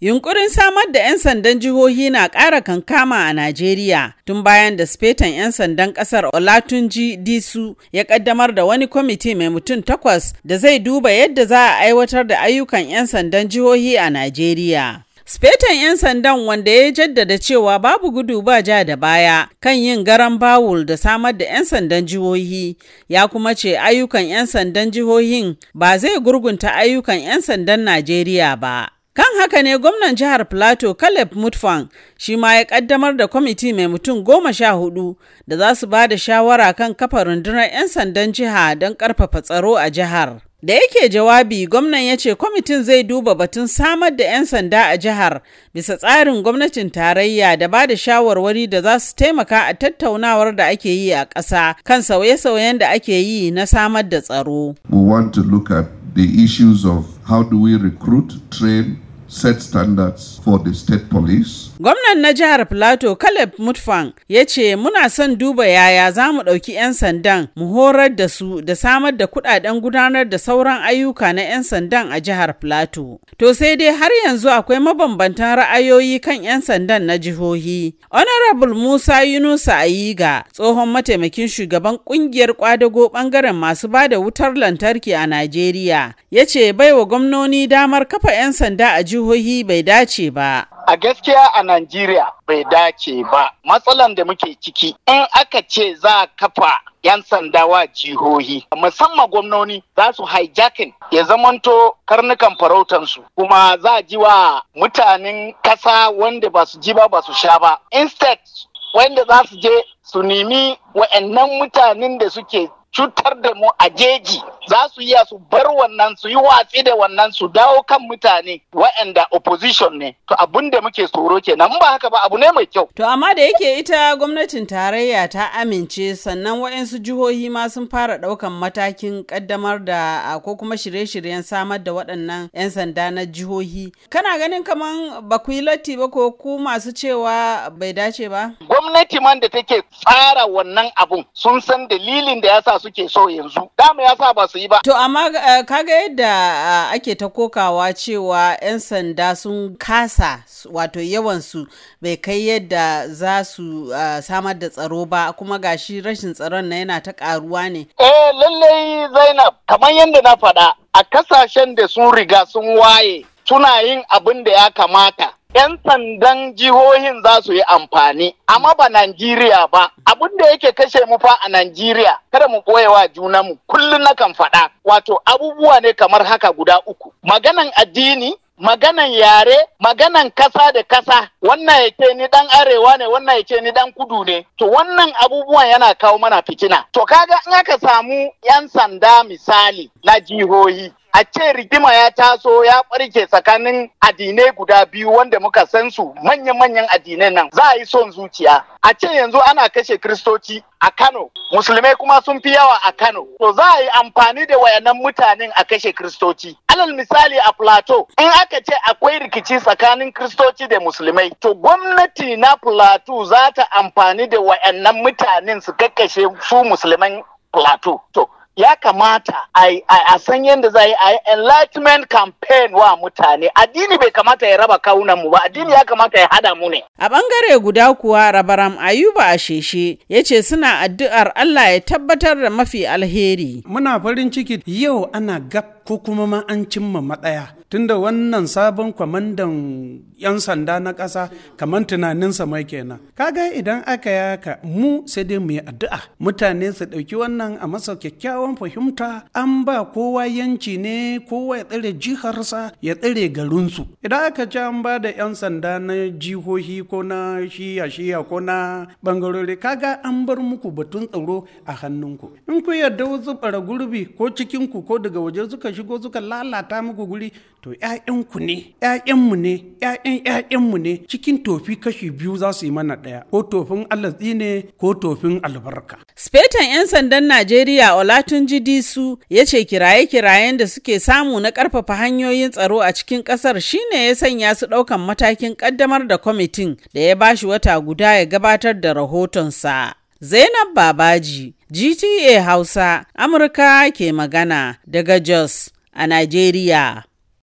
Yunkurin samar da 'yan sandan jihohi na ƙara kankama a Najeriya tun bayan da spetan 'yan sandan ƙasar Olatunji Disu ya ƙaddamar da wani kwamiti mai mutum takwas da zai duba yadda za a aiwatar da ayyukan 'yan sandan jihohi a Najeriya. Spetan 'yan sandan wanda ya jaddada cewa babu gudu ba ja da baya kan yin garan bawul da samar da 'yan sandan jihohi ya kuma ce ayyukan 'yan sandan jihohin ba zai gurgunta ayyukan 'yan sandan Najeriya ba. Kan haka ne gwamnan jihar Plateau Caleb Mutfang shi ma ya kaddamar da kwamiti mai mutum goma sha hudu da za su ba da shawara kan kafa rundunar 'yan sandan jiha don karfafa tsaro a jihar. Da yake jawabi gwamnan ya ce kwamitin zai duba batun samar da 'yan sanda a jihar bisa tsarin gwamnatin tarayya da ba da shawarwari da za su taimaka a tattaunawar da ake yi a ƙasa kan sauye-sauyen da ake yi na samar da tsaro. We want to look at the issues of how do we recruit, train, set standards for the state police. Gwamnan na jihar Plateau Caleb Mutfang ya ce muna son duba yaya za mu ɗauki 'yan sandan mu horar da su da samar da kuɗaɗen gudanar da sauran ayyuka na 'yan sandan a jihar Plateau. To sai dai har yanzu akwai mabambantan ra'ayoyi kan 'yan sandan na jihohi. Honorable Musa Yunusa Ayiga tsohon mataimakin shugaban kungiyar kwadago bangaren masu ba da wutar lantarki a Najeriya ya ce baiwa gwamnoni damar kafa 'yan sanda a jihohi bai dace ba. A gaskiya a Najeriya bai dace ba. Matsalan da muke ciki in aka ce za a kafa 'yan sanda wa jihohi musamman gwamnoni za su hijacking ya zamanto karnukan farautansu kuma za a ji wa mutanen kasa wanda ba su ji ba ba su sha ba instead wanda za su je su nemi wa'annan mutanen da suke cutar da mu a jeji za su iya su bar wannan su yi watsi da wannan su dawo kan mutane wa'anda opposition ne to abun da muke tsoro kenan ba haka ba abu ne mai kyau to amma da yake ita gwamnatin tarayya ta amince sannan wa'ansu jihohi ma sun fara ɗaukan matakin ƙaddamar da ko kuma shirye-shiryen samar da waɗannan 'yan sanda na jihohi kana ganin kaman ba ku yi latti ba ko ku masu cewa bai dace ba gwamnati man da take tsara wannan abun sun san dalilin da ya sa suke so yanzu dama ya sa ba su yi ba to amma eh, kaga yadda eh, ake ta kokawa cewa 'yan sanda sun kasa wato yawan su bai kai yadda za su eh, samar da tsaro ba kuma gashi rashin tsaron na yana ta karuwa ne eh lallai zainab kamar yadda na faɗa a kasashen da sun riga sun waye suna yin abin da ya kamata 'yan sandan jihohin za su yi amfani amma ba Najeriya ba abin da yake kashe mu fa a Najeriya kada mu ɓoye wa juna mu kullum na kan faɗa wato abubuwa ne kamar haka guda uku maganan addini maganan yare maganan kasa da kasa wannan ya ce ni dan arewa ne wannan ya ce ni dan kudu ne to wannan abubuwan yana kawo mana fitina to kaga in aka samu yan sanda misali na jihohi a ce rigima ya taso ya ɓarke tsakanin addinai guda biyu wanda muka san su manya-manyan addinai nan za a yi son zuciya a ce yanzu ana kashe kristoci a kano musulmai kuma sun fi yawa a kano to za a yi amfani da wayannan mutanen a kashe kristoci alal misali a plateau in aka ce akwai rikici tsakanin kristoci da musulmai to gwamnati na plateau za ta amfani da wayannan mutanen su kakkashe su musulman plateau to ya kamata a san yadda za a yi a enlightenment campaign wa mutane addini bai kamata ya raba kaunan mu ba addini ya kamata ya hada mu ne a bangare guda kuwa rabaram ayuba a sheshe ya ce suna addu'ar allah ya tabbatar da mafi alheri muna farin ciki yau ana gab ko kuma ma an cimma matsaya tunda wannan sabon kwamandan 'yan sanda na ƙasa kamar tunaninsa mai kenan kaga idan aka yi haka mu sai dai mu yi addu'a mutane su ɗauki wannan a masa kyakkyawan fahimta an ba kowa yanci ne kowa ya tsare jiharsa ya tsare garinsu idan aka ci an ba da 'yan sanda na jihohi ko na shiya shiya ko na bangarori kaga an bar muku batun tsaro a hannunku in ku yarda wasu bara gurbi ko cikinku ko daga waje suka shigo suka lalata muku guri to ƴaƴanku ne ƴaƴanmu ne ƴaƴan ƴaƴanmu ne cikin tofi kashi biyu za su yi mana ɗaya ko tofin allah ne ko tofin albarka. Spetan 'yan sandan Najeriya Olatunji Disu ya ce kiraye-kirayen da suke samu na karfafa hanyoyin tsaro a cikin ƙasar shine ya sanya su ɗaukan matakin ƙaddamar da kwamitin da ya bashi wata guda ya gabatar da rahotonsa. Zainab Babaji, GTA Hausa, Amurka ke magana daga Jos a Najeriya.